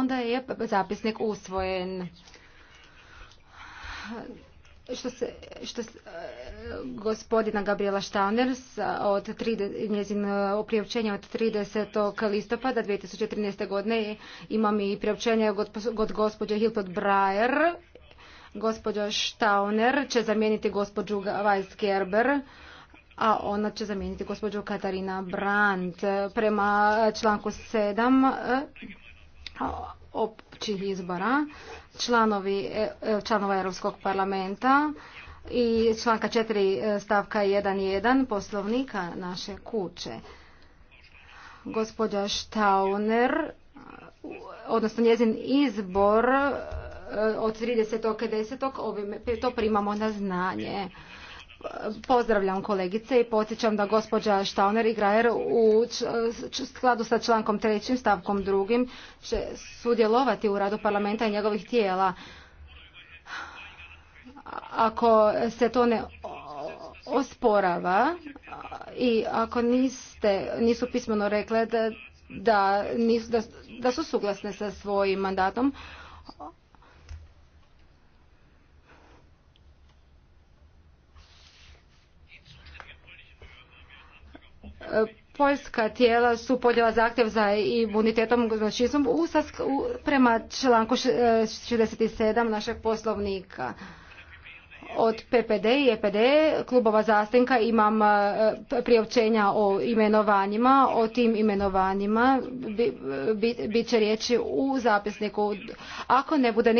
onda je zapisnik usvojen. Što se, što se, eh, gospodina Gabriela Štauners od njezin eh, priopćenje od 30. listopada 2013. godine imam i priopćenje od gospođe Hiltot Brajer. Gospođa Štauner će zamijeniti gospođu Gerber a ona će zamijeniti gospođu Katarina Brandt. Prema eh, članku 7 općih izbora članovi, e, e, članova Europskog parlamenta i članka 4 e, stavka 1.1 poslovnika naše kuće. Gospođa Štauner, odnosno njezin izbor od 30.10. to primamo na znanje. Pozdravljam kolegice i podsjećam da gospođa Štauner i Grajer u skladu sa člankom trećim stavkom drugim će sudjelovati u radu parlamenta i njegovih tijela. Ako se to ne osporava i ako niste, nisu pismeno rekle da, da, da su suglasne sa svojim mandatom, poljska tijela su podjela zahtjev za imunitetom zločinom prema članku 67 e, našeg poslovnika. Od PPD i EPD klubova zastanka imam e, priopćenja o imenovanjima. O tim imenovanjima bit će riječi u zapisniku. Ako ne bude